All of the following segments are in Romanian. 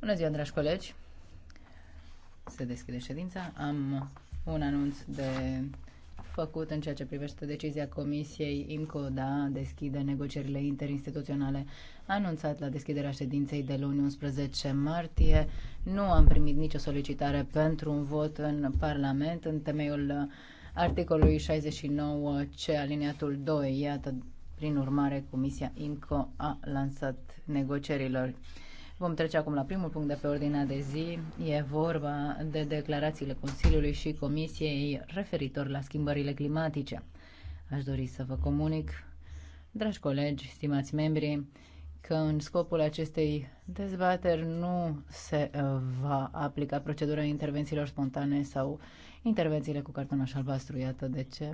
Bună ziua, dragi colegi. Se deschide ședința. Am un anunț de făcut în ceea ce privește decizia Comisiei IMCO de a deschide negocierile interinstituționale anunțat la deschiderea ședinței de luni 11 martie. Nu am primit nicio solicitare pentru un vot în Parlament în temeiul articolului 69C aliniatul 2. Iată prin urmare, Comisia IMCO a lansat negocierilor. Vom trece acum la primul punct de pe ordinea de zi. E vorba de declarațiile Consiliului și Comisiei referitor la schimbările climatice. Aș dori să vă comunic, dragi colegi, stimați membri, că în scopul acestei dezbateri nu se uh, va aplica procedura intervențiilor spontane sau intervențiile cu cartonaș albastru. Iată de ce.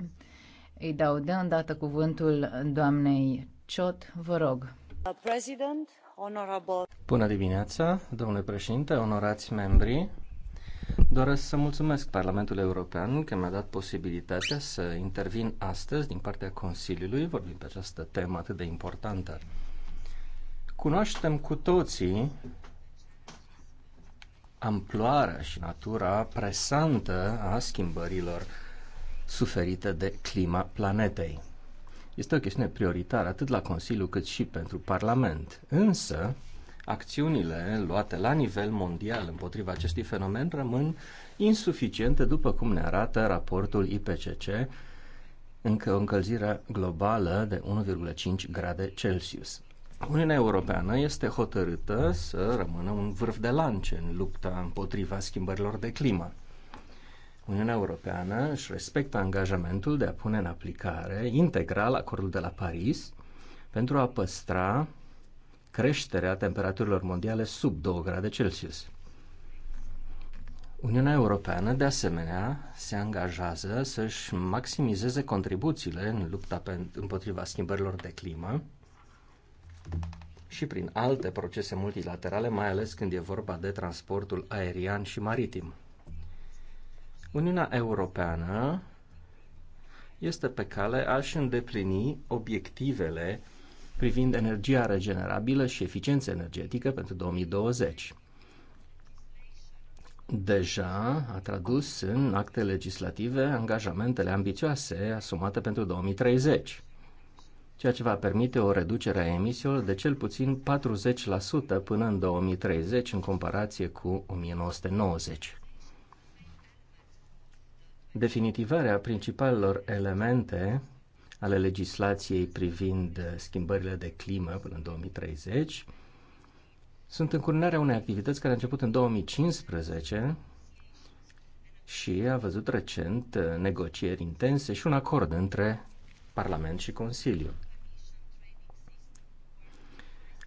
Îi dau de îndată cuvântul doamnei Ciot, vă rog. Uh, President, honorable. Bună dimineața, domnule președinte, onorați membri. Doresc să mulțumesc Parlamentul European că mi-a dat posibilitatea să intervin astăzi din partea Consiliului, vorbim pe această temă atât de importantă. Cunoaștem cu toții amploarea și natura presantă a schimbărilor suferite de clima planetei. Este o chestiune prioritară atât la Consiliu cât și pentru Parlament. Însă, acțiunile luate la nivel mondial împotriva acestui fenomen rămân insuficiente, după cum ne arată raportul IPCC, încă o încălzire globală de 1,5 grade Celsius. Uniunea Europeană este hotărâtă să rămână un vârf de lance în lupta împotriva schimbărilor de climă. Uniunea Europeană își respectă angajamentul de a pune în aplicare integral acordul de la Paris pentru a păstra creșterea temperaturilor mondiale sub 2 grade Celsius. Uniunea Europeană, de asemenea, se angajează să-și maximizeze contribuțiile în lupta împotriva schimbărilor de climă și prin alte procese multilaterale, mai ales când e vorba de transportul aerian și maritim. Uniunea Europeană este pe cale a-și îndeplini obiectivele privind energia regenerabilă și eficiență energetică pentru 2020. Deja a tradus în acte legislative angajamentele ambițioase asumate pentru 2030, ceea ce va permite o reducere a emisiilor de cel puțin 40% până în 2030 în comparație cu 1990 definitivarea principalelor elemente ale legislației privind schimbările de climă până în 2030 sunt încurnarea unei activități care a început în 2015 și a văzut recent negocieri intense și un acord între Parlament și Consiliu.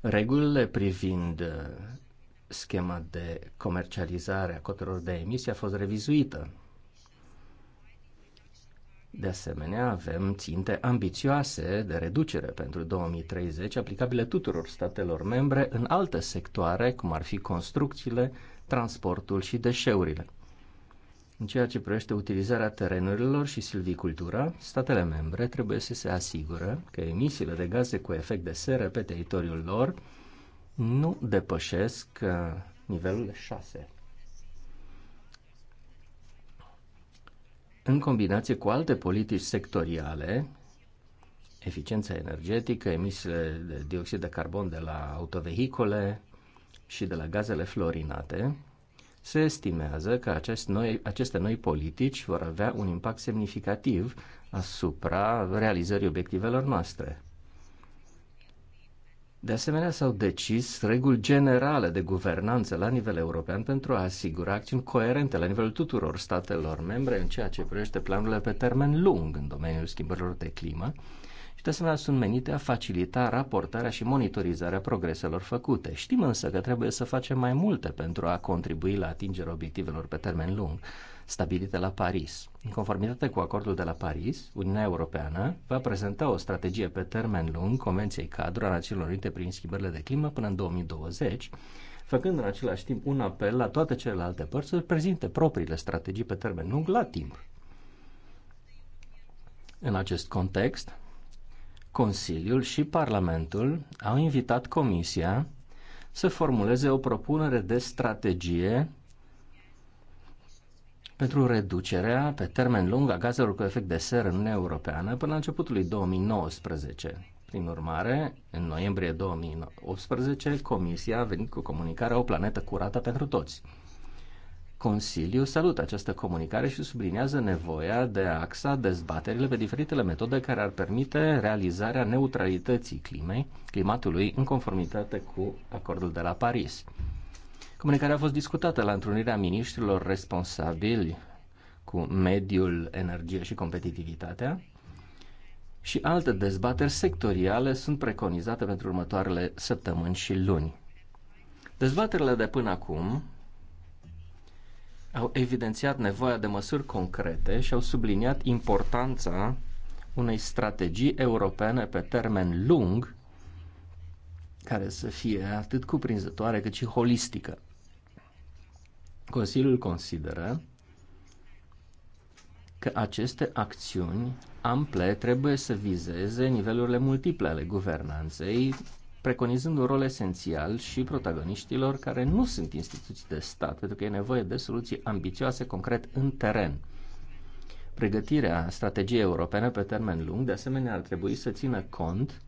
Regulile privind schema de comercializare a cotelor de emisie a fost revizuită de asemenea, avem ținte ambițioase de reducere pentru 2030 aplicabile tuturor statelor membre în alte sectoare, cum ar fi construcțiile, transportul și deșeurile. În ceea ce privește utilizarea terenurilor și silvicultura, statele membre trebuie să se asigură că emisiile de gaze cu efect de seră pe teritoriul lor nu depășesc uh, nivelul 6 în combinație cu alte politici sectoriale, eficiența energetică, emisiile de dioxid de carbon de la autovehicole și de la gazele fluorinate, se estimează că acest noi, aceste noi politici vor avea un impact semnificativ asupra realizării obiectivelor noastre. De asemenea, s-au decis reguli generale de guvernanță la nivel european pentru a asigura acțiuni coerente la nivelul tuturor statelor membre în ceea ce privește planurile pe termen lung în domeniul schimbărilor de climă și, de asemenea, sunt menite a facilita raportarea și monitorizarea progreselor făcute. Știm însă că trebuie să facem mai multe pentru a contribui la atingerea obiectivelor pe termen lung stabilite la Paris. În conformitate cu acordul de la Paris, Uniunea Europeană va prezenta o strategie pe termen lung Convenției Cadru a Națiunilor Unite prin schimbările de climă până în 2020, făcând în același timp un apel la toate celelalte părți să prezinte propriile strategii pe termen lung la timp. În acest context, Consiliul și Parlamentul au invitat Comisia să formuleze o propunere de strategie pentru reducerea pe termen lung a gazelor cu efect de seră în Uniunea Europeană până la începutul lui 2019. Prin urmare, în noiembrie 2018, Comisia a venit cu comunicarea O planetă curată pentru toți. Consiliul salută această comunicare și subliniază nevoia de a axa dezbaterile pe diferitele metode care ar permite realizarea neutralității climei, climatului în conformitate cu acordul de la Paris. Comunicarea a fost discutată la întrunirea miniștrilor responsabili cu mediul, energie și competitivitatea și alte dezbateri sectoriale sunt preconizate pentru următoarele săptămâni și luni. Dezbaterile de până acum au evidențiat nevoia de măsuri concrete și au subliniat importanța unei strategii europene pe termen lung care să fie atât cuprinzătoare cât și holistică. Consiliul consideră că aceste acțiuni ample trebuie să vizeze nivelurile multiple ale guvernanței, preconizând un rol esențial și protagoniștilor care nu sunt instituții de stat, pentru că e nevoie de soluții ambițioase, concret, în teren. Pregătirea strategiei europene pe termen lung, de asemenea, ar trebui să țină cont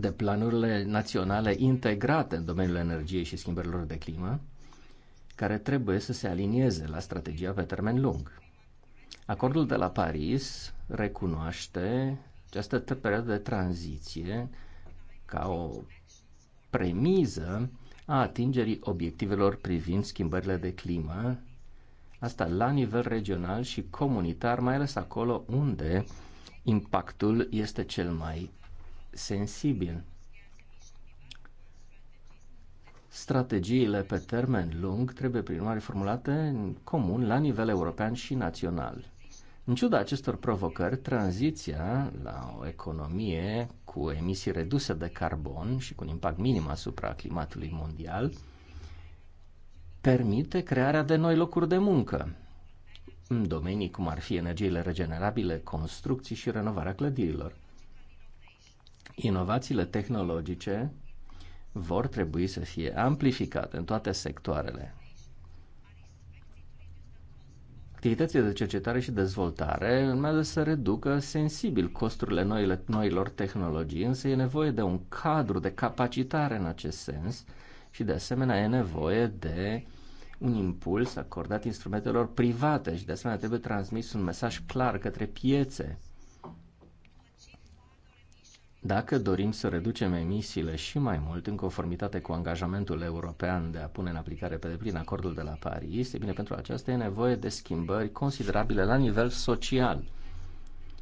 de planurile naționale integrate în domeniul energiei și schimbărilor de climă, care trebuie să se alinieze la strategia pe termen lung. Acordul de la Paris recunoaște această perioadă de tranziție ca o premiză a atingerii obiectivelor privind schimbările de climă, asta la nivel regional și comunitar, mai ales acolo unde impactul este cel mai sensibil. Strategiile pe termen lung trebuie, prin urmare, formulate în comun la nivel european și național. În ciuda acestor provocări, tranziția la o economie cu emisii reduse de carbon și cu un impact minim asupra climatului mondial permite crearea de noi locuri de muncă în domenii cum ar fi energiile regenerabile, construcții și renovarea clădirilor. Inovațiile tehnologice vor trebui să fie amplificate în toate sectoarele. Activitățile de cercetare și dezvoltare urmează să reducă sensibil costurile noile, noilor tehnologii, însă e nevoie de un cadru de capacitare în acest sens și de asemenea e nevoie de un impuls acordat instrumentelor private și de asemenea trebuie transmis un mesaj clar către piețe dacă dorim să reducem emisiile și mai mult în conformitate cu angajamentul european de a pune în aplicare pe deplin acordul de la Paris, e bine, pentru aceasta e nevoie de schimbări considerabile la nivel social.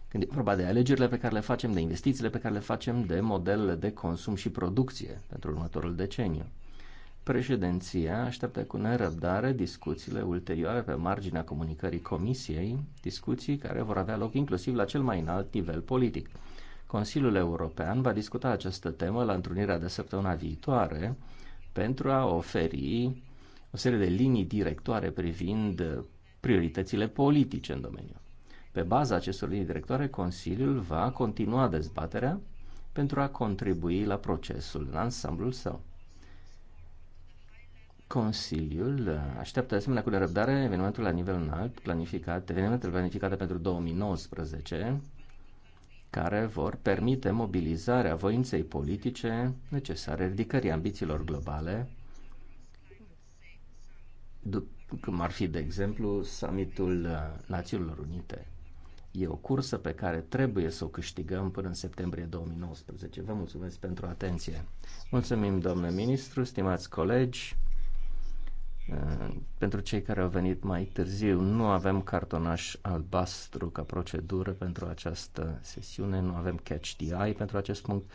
Când e vorba de alegerile pe care le facem, de investițiile pe care le facem, de modelele de consum și producție pentru următorul deceniu. Președinția așteaptă cu nerăbdare discuțiile ulterioare pe marginea comunicării Comisiei, discuții care vor avea loc inclusiv la cel mai înalt nivel politic. Consiliul European va discuta această temă la întrunirea de săptămâna viitoare pentru a oferi o serie de linii directoare privind prioritățile politice în domeniu. Pe baza acestor linii directoare, Consiliul va continua dezbaterea pentru a contribui la procesul în ansamblul său. Consiliul așteaptă asemenea cu nerăbdare evenimentul la nivel înalt planificat, evenimentele planificate pentru 2019, care vor permite mobilizarea voinței politice necesare ridicării ambițiilor globale, cum ar fi, de exemplu, summitul uh, Națiunilor Unite. E o cursă pe care trebuie să o câștigăm până în septembrie 2019. Vă mulțumesc pentru atenție. Mulțumim, domnule ministru, stimați colegi. Uh, pentru cei care au venit mai târziu, nu avem cartonaș albastru ca procedură pentru această sesiune, nu avem catch the eye pentru acest punct.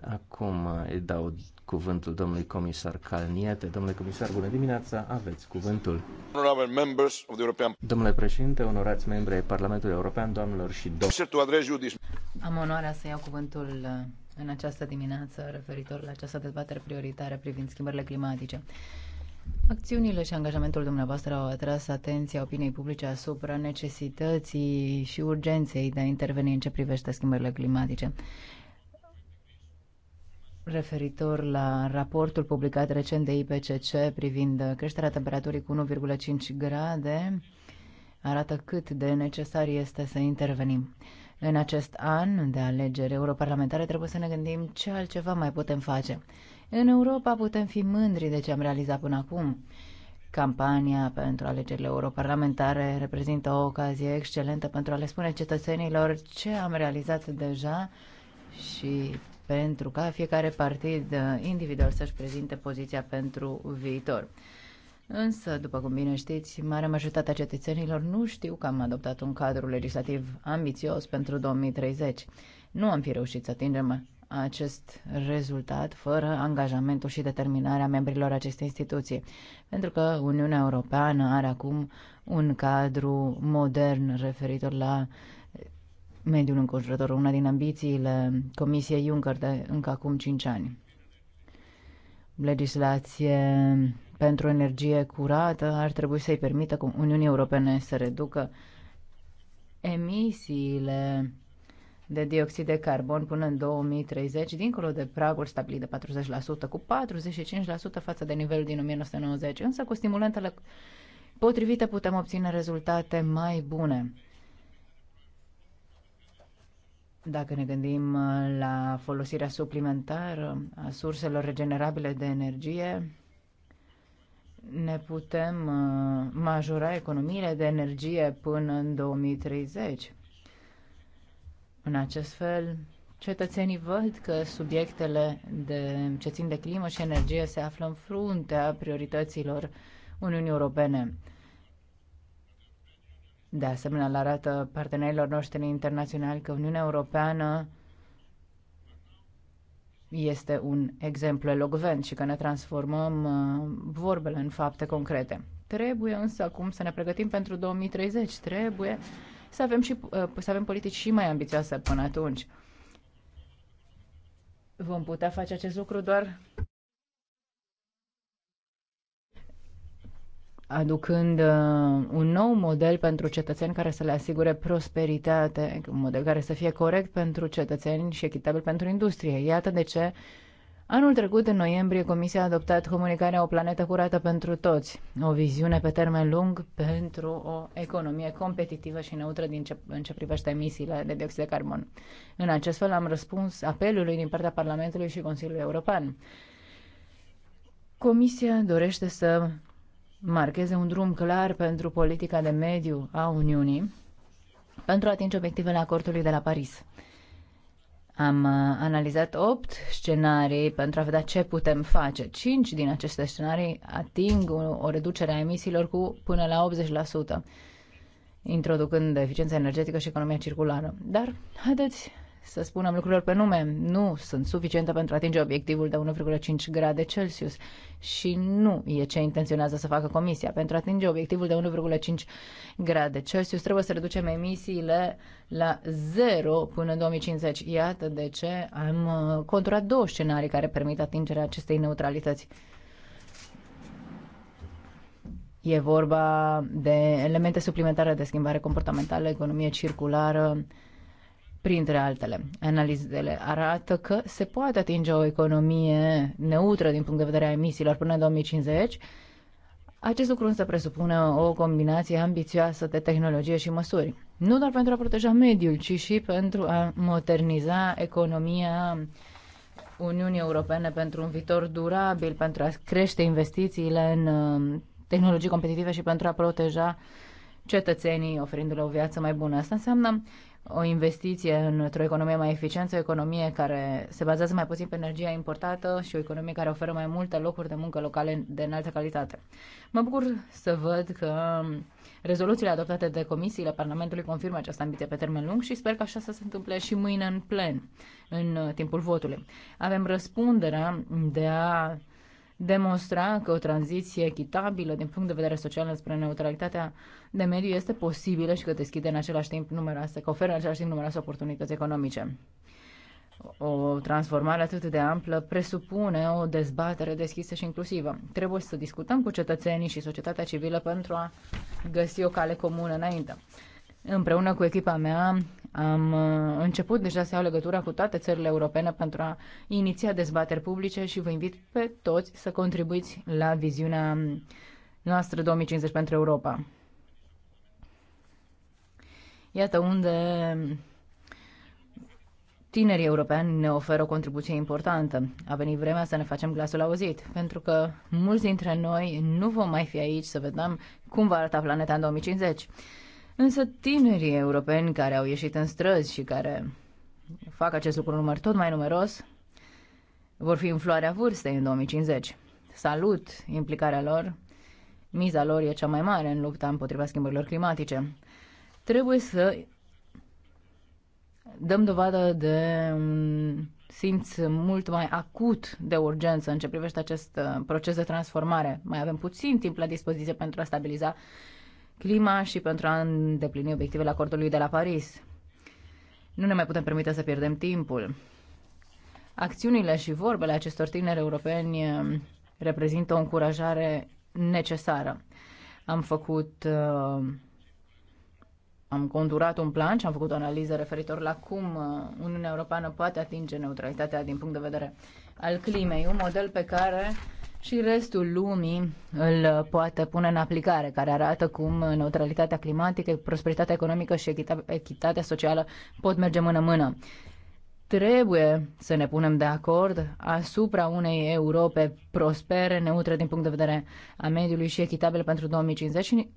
Acum uh, îi dau cuvântul domnului comisar Calniete. Domnule comisar, bună dimineața, aveți cuvântul. Domnule președinte, onorați membri ai Parlamentului European, doamnelor și domnilor. Am onoarea să iau cuvântul uh, în această dimineață referitor la această dezbatere prioritară privind schimbările climatice. Acțiunile și angajamentul dumneavoastră au atras atenția opiniei publice asupra necesității și urgenței de a interveni în ce privește schimbările climatice. Referitor la raportul publicat recent de IPCC privind creșterea temperaturii cu 1,5 grade, arată cât de necesar este să intervenim. În acest an de alegeri europarlamentare trebuie să ne gândim ce altceva mai putem face. În Europa putem fi mândri de ce am realizat până acum. Campania pentru alegerile europarlamentare reprezintă o ocazie excelentă pentru a le spune cetățenilor ce am realizat deja și pentru ca fiecare partid individual să-și prezinte poziția pentru viitor. Însă, după cum bine știți, marea majoritatea cetățenilor nu știu că am adoptat un cadru legislativ ambițios pentru 2030. Nu am fi reușit să atingem acest rezultat fără angajamentul și determinarea membrilor acestei instituții. Pentru că Uniunea Europeană are acum un cadru modern referitor la mediul înconjurător, una din ambițiile Comisiei Juncker de încă acum 5 ani. Legislație pentru energie curată ar trebui să-i permită Uniunii Europene să reducă emisiile de dioxid de carbon până în 2030, dincolo de pragul stabilit de 40%, cu 45% față de nivelul din 1990. Însă cu stimulantele potrivite putem obține rezultate mai bune. Dacă ne gândim uh, la folosirea suplimentară a surselor regenerabile de energie, ne putem uh, majora economiile de energie până în 2030. În acest fel, cetățenii văd că subiectele de, ce țin de climă și energie se află în fruntea priorităților Uniunii Europene. De asemenea, le arată partenerilor noștri internaționali că Uniunea Europeană este un exemplu elogvent și că ne transformăm uh, vorbele în fapte concrete. Trebuie însă acum să ne pregătim pentru 2030. Trebuie să avem, și, uh, să avem politici și mai ambițioase până atunci. Vom putea face acest lucru doar aducând uh, un nou model pentru cetățeni care să le asigure prosperitate, un model care să fie corect pentru cetățeni și echitabil pentru industrie. Iată de ce uh, Anul trecut, în noiembrie, Comisia a adoptat comunicarea O planetă curată pentru toți, o viziune pe termen lung pentru o economie competitivă și neutră din ce, în ce privește emisiile de dioxid de carbon. În acest fel am răspuns apelului din partea Parlamentului și Consiliului European. Comisia dorește să marcheze un drum clar pentru politica de mediu a Uniunii pentru a atinge obiectivele acordului de la Paris. Am uh, analizat 8 scenarii pentru a vedea ce putem face. 5 din aceste scenarii ating o reducere a emisiilor cu până la 80%, introducând eficiența energetică și economia circulară. Dar haideți să spunem lucrurilor pe nume, nu sunt suficiente pentru a atinge obiectivul de 1,5 grade Celsius și nu e ce intenționează să facă Comisia. Pentru a atinge obiectivul de 1,5 grade Celsius trebuie să reducem emisiile la 0 până în 2050. Iată de ce am uh, conturat două scenarii care permit atingerea acestei neutralități. E vorba de elemente suplimentare de schimbare comportamentală, economie circulară, printre altele. Analizele arată că se poate atinge o economie neutră din punct de vedere a emisiilor până în 2050. Acest lucru însă presupune o combinație ambițioasă de tehnologie și măsuri. Nu doar pentru a proteja mediul, ci și pentru a moderniza economia Uniunii Europene pentru un viitor durabil, pentru a crește investițiile în um, tehnologii competitive și pentru a proteja cetățenii oferindu-le o viață mai bună. Asta înseamnă o investiție într-o economie mai eficientă, o economie care se bazează mai puțin pe energia importată și o economie care oferă mai multe locuri de muncă locale de înaltă calitate. Mă bucur să văd că rezoluțiile adoptate de comisiile Parlamentului confirmă această ambiție pe termen lung și sper că așa să se întâmple și mâine în plen, în timpul votului. Avem răspunderea de a demonstra că o tranziție echitabilă din punct de vedere social spre neutralitatea de mediu este posibilă și că deschide în același timp numeroase, că oferă în același timp numeroase oportunități economice. O transformare atât de amplă presupune o dezbatere deschisă și inclusivă. Trebuie să discutăm cu cetățenii și societatea civilă pentru a găsi o cale comună înainte. Împreună cu echipa mea am uh, început deja să iau legătura cu toate țările europene pentru a iniția dezbateri publice și vă invit pe toți să contribuiți la viziunea noastră 2050 pentru Europa. Iată unde tinerii europeni ne oferă o contribuție importantă. A venit vremea să ne facem glasul auzit, pentru că mulți dintre noi nu vom mai fi aici să vedem cum va arăta planeta în 2050. Însă tinerii europeni care au ieșit în străzi și care fac acest lucru număr tot mai numeros vor fi în floarea vârstei în 2050. Salut implicarea lor. Miza lor e cea mai mare în lupta împotriva schimbărilor climatice. Trebuie să dăm dovadă de un simț mult mai acut de urgență în ce privește acest uh, proces de transformare. Mai avem puțin timp la dispoziție pentru a stabiliza clima și pentru a îndeplini obiectivele acordului de la Paris. Nu ne mai putem permite să pierdem timpul. Acțiunile și vorbele acestor tineri europeni eh, reprezintă o încurajare necesară. Am făcut uh, am conturat un plan și am făcut o analiză referitor la cum eh, Uniunea Europeană poate atinge neutralitatea din punct de vedere al climei, un model pe care și restul lumii îl poate pune în aplicare, care arată cum neutralitatea climatică, prosperitatea economică și echitatea socială pot merge mână-mână. Trebuie să ne punem de acord asupra unei Europe prospere, neutre din punct de vedere a mediului și echitabile pentru 2050 și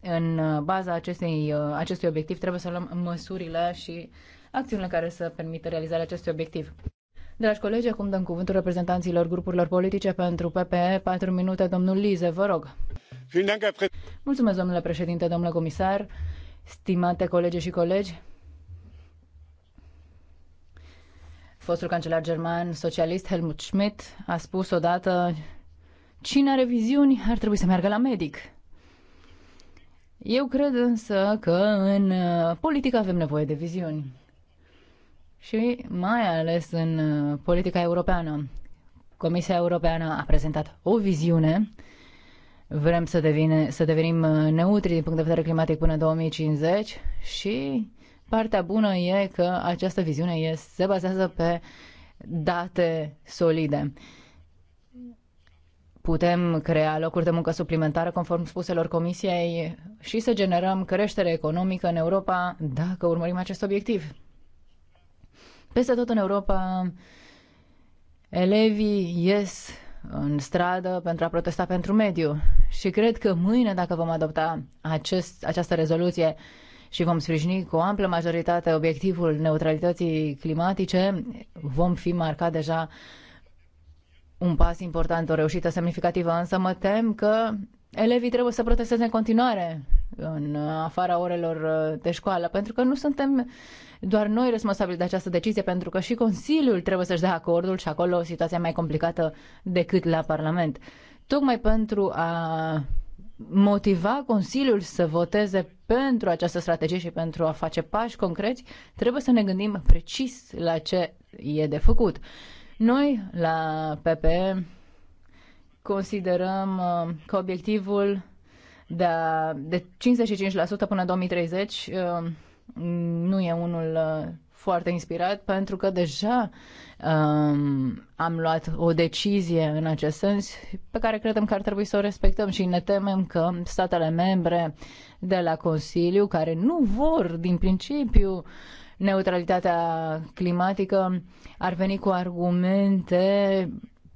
în baza acestei, acestui obiectiv trebuie să luăm măsurile și acțiunile care să permită realizarea acestui obiectiv. Dragi colegi, acum dăm cuvântul reprezentanților grupurilor politice pentru PPE. 4 minute, domnul Lize, vă rog. Mulțumesc, domnule președinte, domnule comisar, stimate colegi și colegi. Fostul cancelar german socialist Helmut Schmidt a spus odată Cine are viziuni ar trebui să meargă la medic. Eu cred însă că în uh, politică avem nevoie de viziuni și mai ales în uh, politica europeană. Comisia Europeană a prezentat o viziune vrem să, devine, să devenim uh, neutri din punct de vedere climatic până 2050 și partea bună e că această viziune e, se bazează pe date solide. Putem crea locuri de muncă suplimentare conform spuselor Comisiei și să generăm creștere economică în Europa dacă urmărim acest obiectiv. Peste tot în Europa, elevii ies în stradă pentru a protesta pentru mediu. Și cred că mâine, dacă vom adopta acest, această rezoluție și vom sprijini cu o amplă majoritate obiectivul neutralității climatice, vom fi marcat deja un pas important, o reușită semnificativă, însă mă tem că Elevii trebuie să protesteze în continuare în afara orelor uh, de școală, pentru că nu suntem doar noi responsabili de această decizie, pentru că și Consiliul trebuie să-și dea acordul și acolo situația mai complicată decât la Parlament. Tocmai pentru a motiva Consiliul să voteze pentru această strategie și pentru a face pași concreți, trebuie să ne gândim precis la ce e de făcut. Noi, la PPE, considerăm uh, că obiectivul de, a, de 55% până în 2030 uh, nu e unul uh, foarte inspirat pentru că deja um, am luat o decizie în acest sens pe care credem că ar trebui să o respectăm și ne temem că statele membre de la Consiliu care nu vor din principiu neutralitatea climatică ar veni cu argumente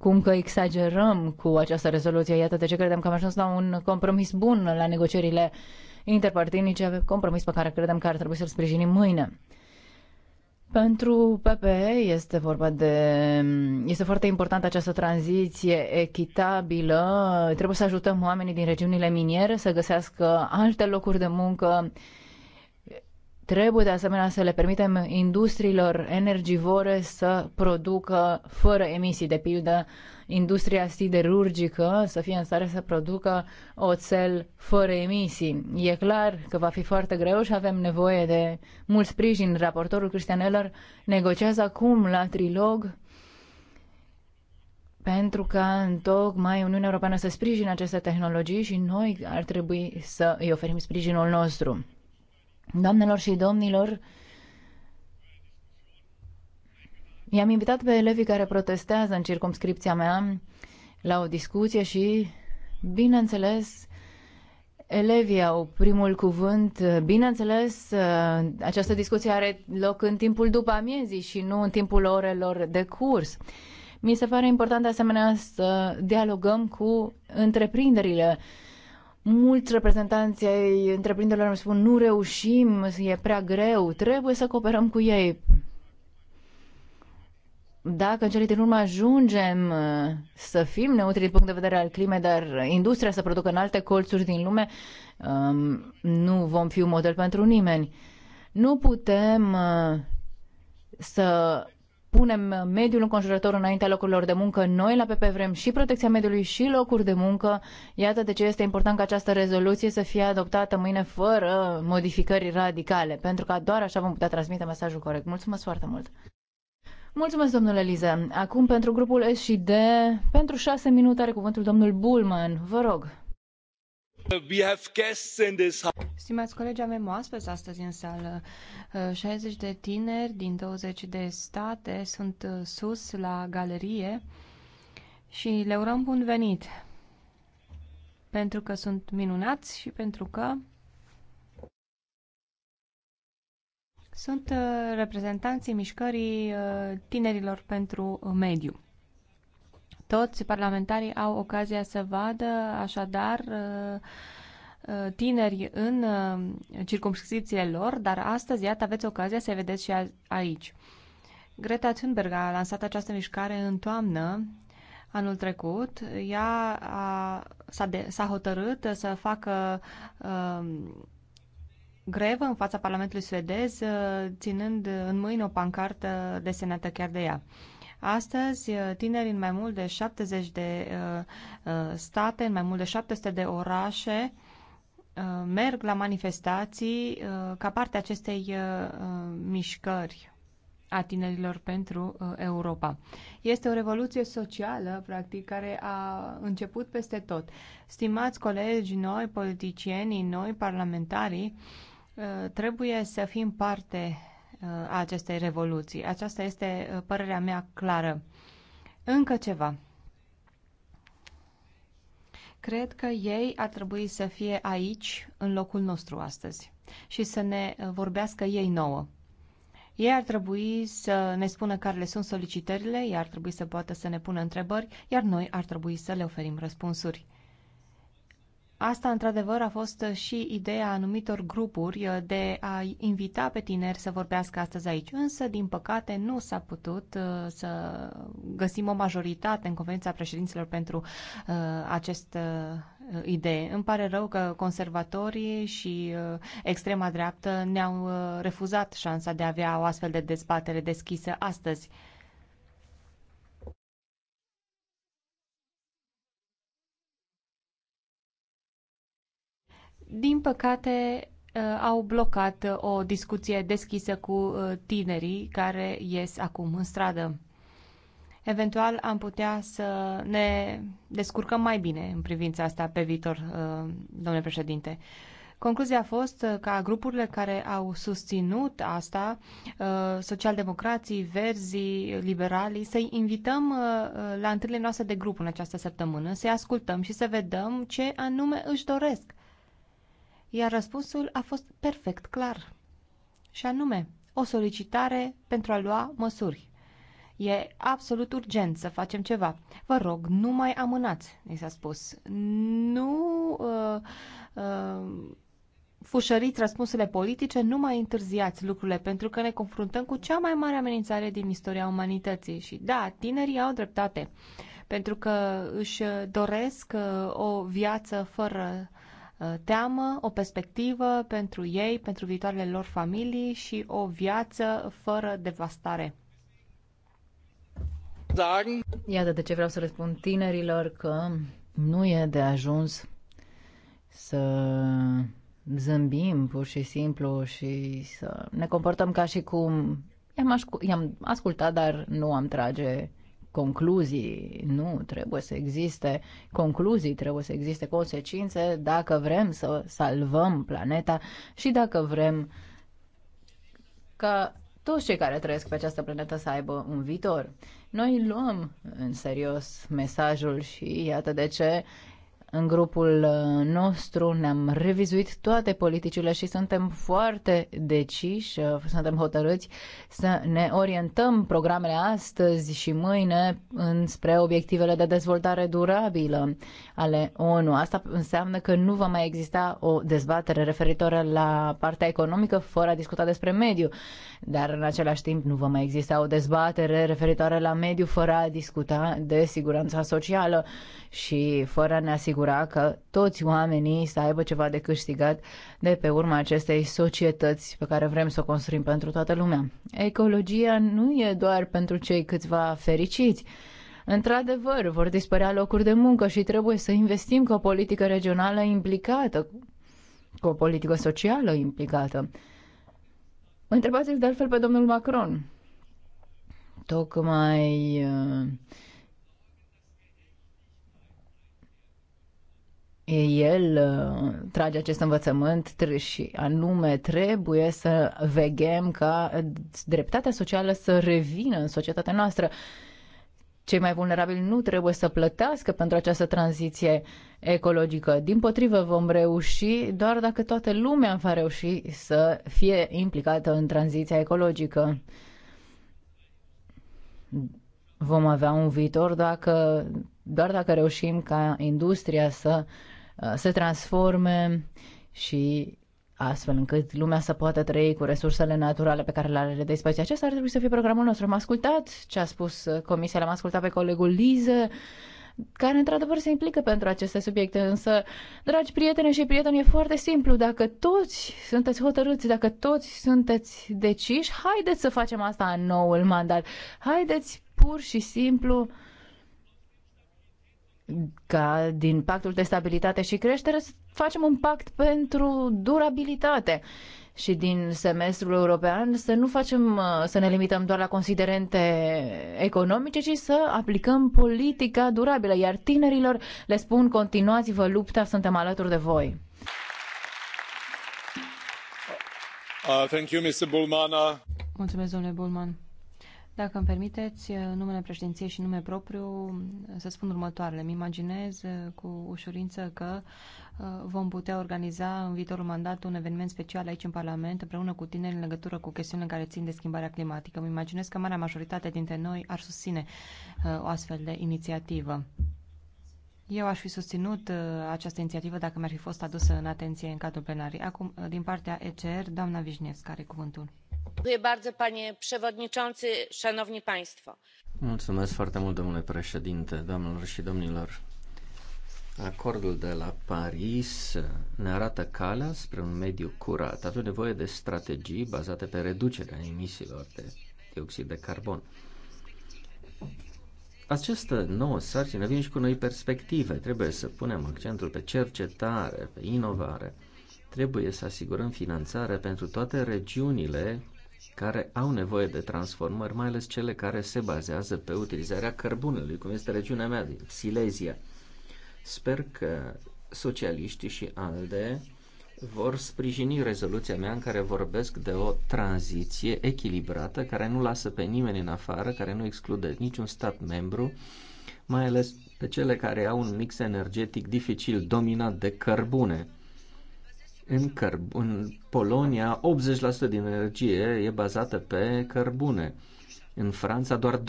cum că exagerăm cu această rezoluție. Iată de ce credem că am ajuns la un compromis bun la negocierile interpartinice, compromis pe care credem că ar trebui să-l sprijinim mâine. Pentru PPE este vorba de. Este foarte importantă această tranziție echitabilă. Trebuie să ajutăm oamenii din regiunile miniere să găsească alte locuri de muncă Trebuie de asemenea să le permitem industriilor energivore să producă fără emisii, de pildă industria siderurgică să fie în stare să producă oțel fără emisii. E clar că va fi foarte greu și avem nevoie de mult sprijin. Raportorul Cristian Eller negociază acum la trilog pentru ca în tocmai Uniunea Europeană să sprijine aceste tehnologii și noi ar trebui să îi oferim sprijinul nostru. Doamnelor și domnilor, i-am invitat pe elevii care protestează în circumscripția mea la o discuție și, bineînțeles, Elevii au primul cuvânt. Bineînțeles, această discuție are loc în timpul după amiezii și nu în timpul orelor de curs. Mi se pare important de asemenea să dialogăm cu întreprinderile Mulți reprezentanți ai întreprinderilor îmi spun nu reușim, e prea greu, trebuie să cooperăm cu ei. Dacă în cele din urmă ajungem uh, să fim neutri din punct de vedere al climei, dar industria să producă în alte colțuri din lume, um, nu vom fi un model pentru nimeni. Nu putem uh, să punem mediul înconjurător înaintea locurilor de muncă. Noi la PP vrem și protecția mediului și locuri de muncă. Iată de ce este important ca această rezoluție să fie adoptată mâine fără modificări radicale, pentru că doar așa vom putea transmite mesajul corect. Mulțumesc foarte mult! Mulțumesc, domnule Lize. Acum, pentru grupul S și D, pentru șase minute are cuvântul domnul Bulman. Vă rog. Stimați colegi, avem oaspeți astăzi în sală. 60 uh, de tineri din 20 de state sunt uh, sus la galerie și le urăm bun venit. Pentru că sunt minunați și pentru că sunt uh, reprezentanții mișcării tinerilor pentru mediu. Toți parlamentarii au ocazia să vadă, așadar, uh, uh, tineri în uh, circumscripțiile lor, dar astăzi, iată, aveți ocazia să-i vedeți și aici. Greta Thunberg a lansat această mișcare în toamnă anul trecut. Ea a, s-a, de, s-a hotărât să facă uh, grevă în fața Parlamentului suedez, uh, ținând în mâini o pancartă desenată chiar de ea. Uh, Astăzi, uh, tineri în mai mult de 70 de uh, uh, state, în mai mult de 700 de orașe, merg la manifestații ca parte a acestei mișcări a tinerilor pentru Europa. Este o revoluție socială, practic, care a început peste tot. Stimați colegi, noi, politicienii, noi, parlamentarii, trebuie să fim parte Uh, a acestei revoluții. Aceasta este uh, părerea mea clară. Încă ceva. Cred că ei ar trebui să fie aici, în locul nostru astăzi, și să ne uh, vorbească ei nouă. Ei ar trebui să ne spună care le sunt solicitările, ei ar trebui să poată să ne pună întrebări, iar noi ar trebui să le oferim răspunsuri. Asta, într-adevăr, a fost și ideea anumitor grupuri de a invita pe tineri să vorbească astăzi aici. Însă, din păcate, nu s-a putut uh, să găsim o majoritate în conferința președinților pentru această uh, acest uh, idee. Îmi pare rău că conservatorii și extrema dreaptă ne-au refuzat șansa de a avea o astfel de dezbatere deschisă astăzi. din păcate, uh, au blocat uh, o discuție deschisă cu uh, tinerii care ies acum în stradă. Eventual am putea să ne descurcăm mai bine în privința asta pe viitor, domnule președinte. Concluzia a fost ca grupurile care au susținut asta, socialdemocrații, verzii, liberalii, să-i invităm la întâlnirile noastre de grup în această săptămână, să-i ascultăm și să vedem ce anume își doresc iar răspunsul a fost perfect clar. Și anume, o solicitare pentru a lua măsuri. E absolut urgent să facem ceva. Vă rog, nu mai amânați, ni s-a spus. Nu uh, uh, fușăriți răspunsurile politice, nu mai întârziați lucrurile, pentru că ne confruntăm cu cea mai mare amenințare din istoria umanității. Și da, tinerii au dreptate, pentru că își doresc uh, o viață fără Uh, teamă, o perspectivă pentru ei, pentru viitoarele lor familii și o viață fără devastare. Iată de ce vreau să le spun tinerilor că nu e de ajuns să zâmbim pur și simplu și să ne comportăm ca și cum i-am, ascult, i-am ascultat, dar nu am trage concluzii. Nu, trebuie să existe concluzii, trebuie să existe consecințe dacă vrem să salvăm planeta și dacă vrem ca toți cei care trăiesc pe această planetă să aibă un viitor. Noi luăm în serios mesajul și iată de ce în grupul uh, nostru ne-am revizuit toate politicile și suntem foarte deciși, uh, suntem hotărâți să ne orientăm programele astăzi și mâine înspre obiectivele de dezvoltare durabilă ale ONU. Asta înseamnă că nu va mai exista o dezbatere referitoare la partea economică fără a discuta despre mediu, dar în același timp nu va mai exista o dezbatere referitoare la mediu fără a discuta de siguranța socială și fără a ne asigura asigura că toți oamenii să aibă ceva de câștigat de pe urma acestei societăți pe care vrem să o construim pentru toată lumea. Ecologia nu e doar pentru cei câțiva fericiți. Într-adevăr, vor dispărea locuri de muncă și trebuie să investim cu o politică regională implicată, cu o politică socială implicată. Întrebați-l de altfel pe domnul Macron. Tocmai uh, el uh, trage acest învățământ și anume trebuie să veghem ca uh, dreptatea socială să revină în societatea noastră. Cei mai vulnerabili nu trebuie să plătească pentru această tranziție ecologică. Din potrivă, vom reuși doar dacă toată lumea va reuși să fie implicată în tranziția ecologică. Vom avea un viitor dacă, doar dacă reușim ca industria să uh, Uh, se transforme și astfel încât lumea să poată trăi cu resursele naturale pe care le are de dispoziție. Acesta ar trebui să fie programul nostru. Am ascultat ce a spus uh, comisia, l-am ascultat pe colegul Liză, care într-adevăr se implică pentru aceste subiecte, însă, dragi prieteni și prieteni, e foarte simplu. Dacă toți sunteți hotărâți, dacă toți sunteți deciși, haideți să facem asta în noul mandat. Haideți pur și simplu uh, ca din pactul de stabilitate și creștere să facem un pact pentru durabilitate și din semestrul european să nu facem, uh, să ne limităm doar la considerente economice, ci să aplicăm politica durabilă. Iar tinerilor le spun, continuați-vă lupta, suntem alături de voi. Uh, thank you, Mr. Bulmana. Mulțumesc, domnule Bulman. Dacă îmi permiteți, numele președinției și nume propriu, să spun următoarele. Îmi imaginez uh, cu ușurință că uh, vom putea organiza în viitorul mandat un eveniment special aici în Parlament împreună cu tineri în legătură cu chestiunile care țin de schimbarea climatică. Îmi imaginez că marea majoritate dintre noi ar susține uh, o astfel de inițiativă. Eu aș fi susținut uh, această inițiativă dacă mi-ar fi fost adusă în atenție în cadrul plenarii. Acum, din partea ECR, doamna Vișniesc, care cuvântul domnule președinte, doamnelor și domnilor. Acordul de la Paris ne arată calea spre un mediu curat. Avem nevoie de strategii bazate pe reducerea emisiilor de dioxid de carbon. Această nouă sarcină vine și cu noi perspective. Trebuie să punem accentul pe cercetare, pe inovare, Trebuie să asigurăm finanțare pentru toate regiunile care au nevoie de transformări, mai ales cele care se bazează pe utilizarea cărbunelui, cum este regiunea mea, Silesia. Sper că socialiștii și ALDE vor sprijini rezoluția mea în care vorbesc de o tranziție echilibrată, care nu lasă pe nimeni în afară, care nu exclude niciun stat membru, mai ales pe cele care au un mix energetic dificil, dominat de cărbune. În, cărb- în Polonia, 80% din energie e bazată pe cărbune. În Franța, doar 2%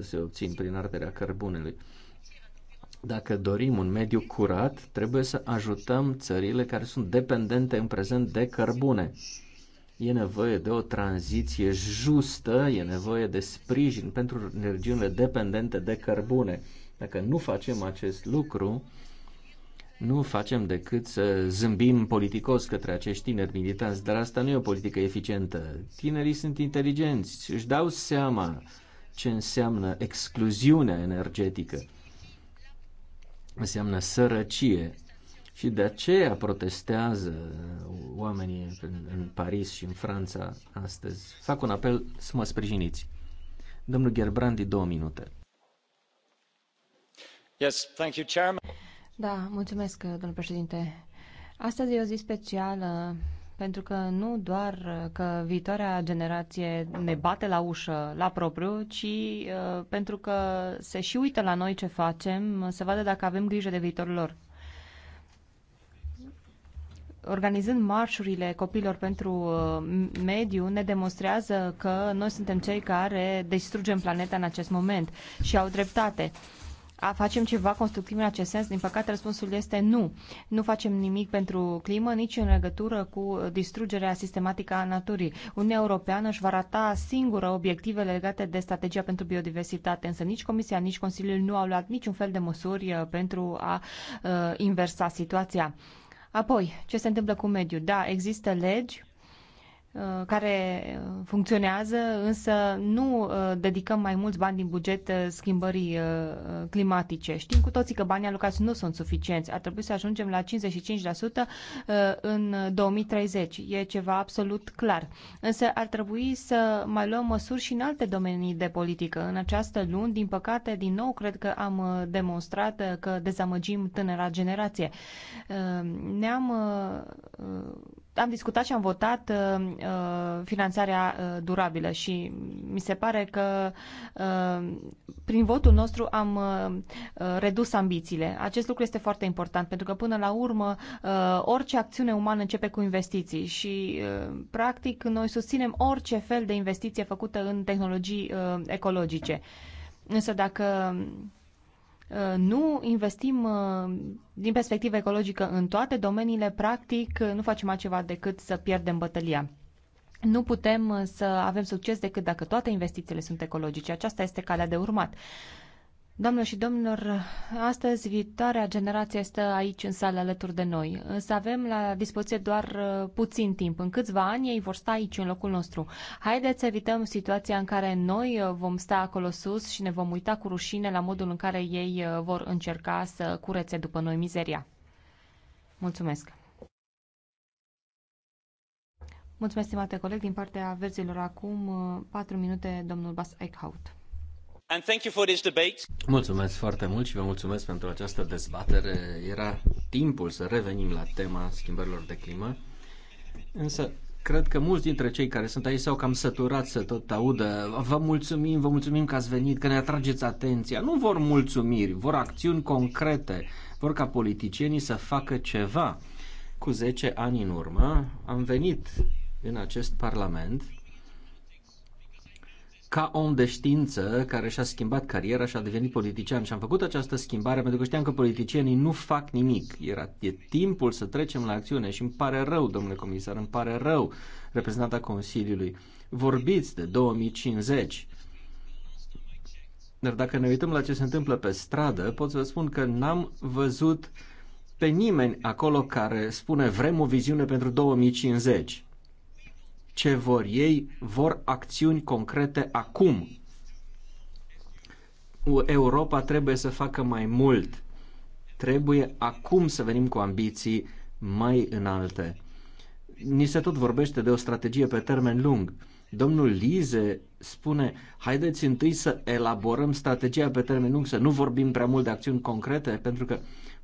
se obțin prin arderea cărbunelui. Dacă dorim un mediu curat, trebuie să ajutăm țările care sunt dependente în prezent de cărbune. E nevoie de o tranziție justă, e nevoie de sprijin pentru regiunile dependente de cărbune. Dacă nu facem acest lucru, nu facem decât să zâmbim politicos către acești tineri militanți, dar asta nu e o politică eficientă. Tinerii sunt inteligenți, își dau seama ce înseamnă excluziunea energetică, înseamnă sărăcie și de aceea protestează oamenii în, în Paris și în Franța astăzi. Fac un apel să mă sprijiniți. Domnul Gerbrandi, două minute. Yes, thank you, chairman. Da, mulțumesc, domnul președinte. Astăzi e o zi specială pentru că nu doar că viitoarea generație ne bate la ușă la propriu, ci uh, pentru că se și uită la noi ce facem, să vadă dacă avem grijă de viitorul lor. Organizând marșurile copiilor pentru uh, mediu, ne demonstrează că noi suntem cei care distrugem planeta în acest moment și au dreptate. Uh, a, facem ceva constructiv în acest sens? Din păcate, răspunsul este nu. Nu facem nimic pentru climă, nici în legătură cu distrugerea sistematică a naturii. Uniunea Europeană își va rata singură obiectivele legate de strategia pentru biodiversitate, însă nici Comisia, nici Consiliul nu au luat niciun fel de măsuri uh, pentru a, uh, inversa situația. Apoi, ce se întâmplă cu mediul? Da, există legi Uh, care uh, funcționează, însă nu uh, dedicăm mai mulți bani din buget schimbării climatice. Știm cu toții că banii alocați nu sunt suficienți. Ar trebui să ajungem la 55% în 2030. E ceva absolut clar. Însă ar trebui să mai luăm măsuri și în alte domenii de politică. În această luni, din păcate, din nou cred că am demonstrat că dezamăgim tânăra generație. Ne-am am discutat și am votat uh, uh, finanțarea uh, durabilă și mi se pare că uh, prin votul nostru am uh, uh, redus ambițiile. Acest lucru este foarte important pentru că până la urmă uh, orice acțiune umană începe cu investiții și uh, practic noi susținem orice fel de investiție făcută în tehnologii uh, ecologice. Însă dacă uh, Uh, nu investim uh, din perspectivă ecologică în toate domeniile, practic uh, nu facem altceva decât să pierdem bătălia. Nu putem să avem succes decât dacă toate investițiile sunt ecologice. Aceasta este calea de urmat. Doamnelor și domnilor, astăzi viitoarea generație este aici în sală alături de noi, însă avem la dispoziție doar uh, puțin timp. În câțiva ani ei vor sta aici în locul nostru. Haideți să evităm situația în care noi uh, vom sta acolo sus și ne vom uita cu rușine la modul în care ei uh, vor încerca să curețe după noi mizeria. Mulțumesc! Mulțumesc, stimate coleg, din partea verzilor acum 4 minute, domnul Bas Eichhout. And thank you for this debate. Mulțumesc foarte mult și vă mulțumesc pentru această dezbatere. Era timpul să revenim la tema schimbărilor de climă, însă cred că mulți dintre cei care sunt aici s-au cam săturat să tot audă. Vă mulțumim, vă mulțumim că ați venit, că ne atrageți atenția. Nu vor mulțumiri, vor acțiuni concrete, vor ca politicienii să facă ceva. Cu 10 ani în urmă am venit în acest parlament ca om de știință care și-a schimbat cariera și a devenit politician și am făcut această schimbare pentru că știam că politicienii nu fac nimic. Era, e timpul să trecem la acțiune și îmi pare rău, domnule comisar, îmi pare rău, reprezentanta Consiliului. Vorbiți de 2050, dar dacă ne uităm la ce se întâmplă pe stradă, pot să vă spun că n-am văzut pe nimeni acolo care spune vrem o viziune pentru 2050 ce vor ei, vor acțiuni concrete acum. Europa trebuie să facă mai mult. Trebuie acum să venim cu ambiții mai înalte. Ni se tot vorbește de o strategie pe termen lung. Domnul Lize spune, haideți întâi să elaborăm strategia pe termen lung, să nu vorbim prea mult de acțiuni concrete, pentru că uh,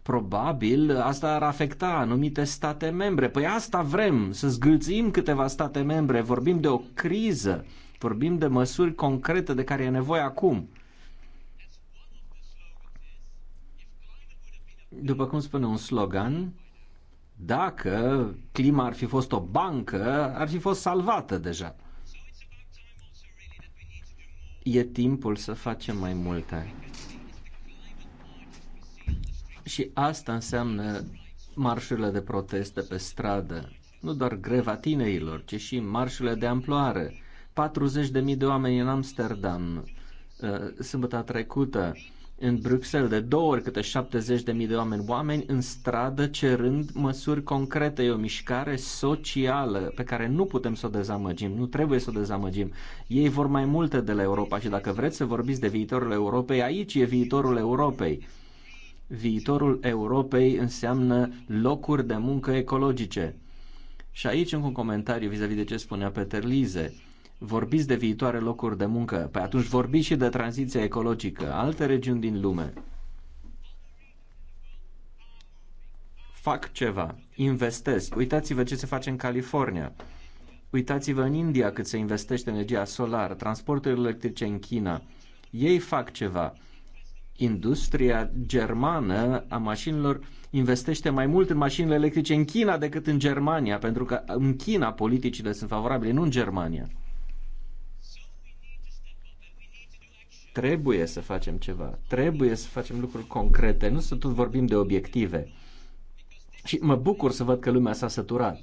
Probabil asta ar afecta anumite state membre. Păi asta vrem, să zgâlțim câteva state membre. Vorbim de o criză, vorbim de măsuri concrete de care e nevoie acum. După cum spune un slogan, dacă clima ar fi fost o bancă, ar fi fost salvată deja. E timpul să facem mai multe. Și asta înseamnă marșurile de proteste pe stradă, nu doar greva tinerilor, ci și marșurile de amploare. 40.000 de oameni în Amsterdam uh, sâmbătă trecută, în Bruxelles, de două ori câte 70.000 de oameni, oameni în stradă cerând măsuri concrete. E o mișcare socială pe care nu putem să o dezamăgim, nu trebuie să o dezamăgim. Ei vor mai multe de la Europa și dacă vreți să vorbiți de viitorul Europei, aici e viitorul Europei viitorul Europei înseamnă locuri de muncă ecologice. Și aici încă un comentariu vis-a-vis -vis de ce spunea Peter Lize. Vorbiți de viitoare locuri de muncă, păi atunci vorbiți și de tranziția ecologică, alte regiuni din lume. Fac ceva, investesc. Uitați-vă ce se face în California. Uitați-vă în India cât se investește energia solară, transporturile electrice în China. Ei fac ceva Industria germană a mașinilor investește mai mult în mașinile electrice în China decât în Germania, pentru că în China politicile sunt favorabile, nu în Germania. Trebuie să facem ceva, trebuie să facem lucruri concrete, nu să tot vorbim de obiective. Și mă bucur să văd că lumea s-a săturat.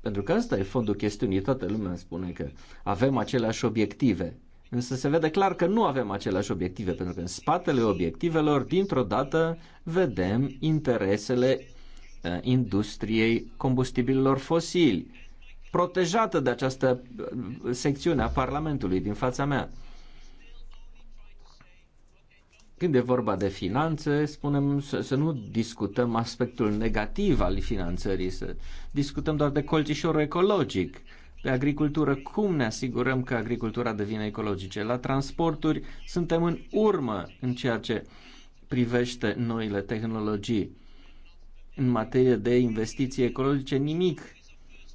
Pentru că asta e fondul chestiunii. Toată lumea spune că avem aceleași obiective. Însă se vede clar că nu avem aceleași obiective, pentru că în spatele obiectivelor, dintr-o dată, vedem interesele eh, industriei combustibililor fosili, protejată de această eh, secțiune a Parlamentului din fața mea. Când e vorba de finanțe, spunem să, să nu discutăm aspectul negativ al finanțării, să discutăm doar de colțișorul ecologic pe agricultură, cum ne asigurăm că agricultura devine ecologice? La transporturi suntem în urmă în ceea ce privește noile tehnologii. În materie de investiții ecologice, nimic.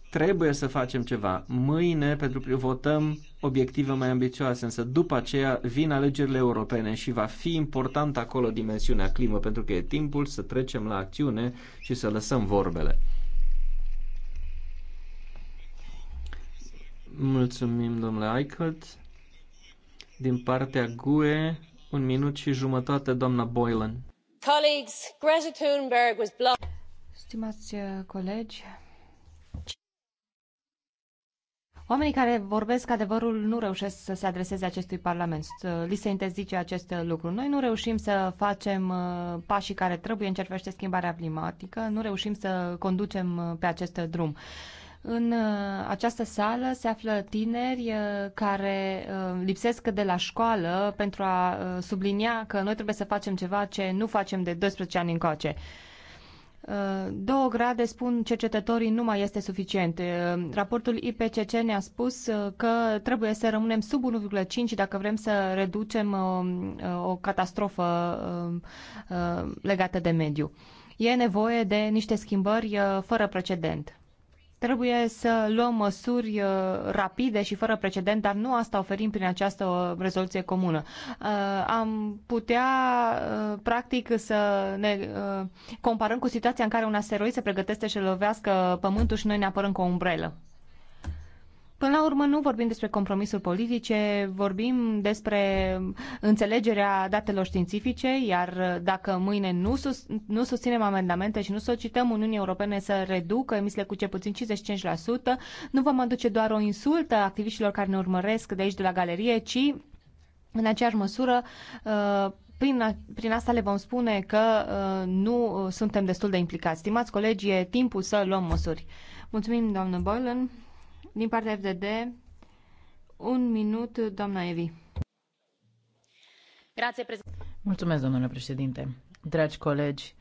Trebuie să facem ceva. Mâine, pentru că votăm obiective mai ambițioase, însă după aceea vin alegerile europene și va fi important acolo dimensiunea climă, pentru că e timpul să trecem la acțiune și să lăsăm vorbele. Mulțumim, domnule Eichelt. Din partea GUE, un minut și jumătate, doamna Boylan. Colleagues, Greta Thunberg was blocked. Stimați uh, colegi, Oamenii care vorbesc adevărul nu reușesc să se adreseze acestui Parlament. Uh, li se interzice acest uh, lucru. Noi nu reușim să facem pașii care trebuie în schimbarea climatică, nu reușim să conducem pe acest drum. În uh, această sală se află tineri uh, care uh, lipsesc de la școală pentru a sublinia că noi trebuie să facem ceva ce nu facem de 12 ani încoace. Două grade, spun cercetătorii, nu mai este suficient. Raportul IPCC ne-a spus că trebuie să rămânem sub 1,5 dacă vrem să reducem o, o catastrofă legată de mediu. E nevoie de niște schimbări fără precedent. Trebuie să luăm măsuri uh, rapide și fără precedent, dar nu asta oferim prin această uh, rezoluție comună. Uh, am putea, practic, să ne comparăm cu situația în care un asteroid se pregătește să lovească pământul și noi ne apărăm cu o umbrelă. Până la urmă nu vorbim despre compromisuri politice, vorbim despre înțelegerea datelor științifice, iar dacă mâine nu, sus, nu susținem amendamente și nu solicităm Uniunii Europene să reducă emisiile cu ce puțin 55%, nu vom aduce doar o insultă activiștilor care ne urmăresc de aici de la galerie, ci în aceeași măsură uh, prin, prin asta le vom spune că uh, nu suntem destul de implicați. Stimați colegi, e timpul să luăm măsuri. Mulțumim, doamnă Boylan. Din partea FDD, un minut, doamna Evi. Grație, Mulțumesc, domnule președinte. Dragi colegi,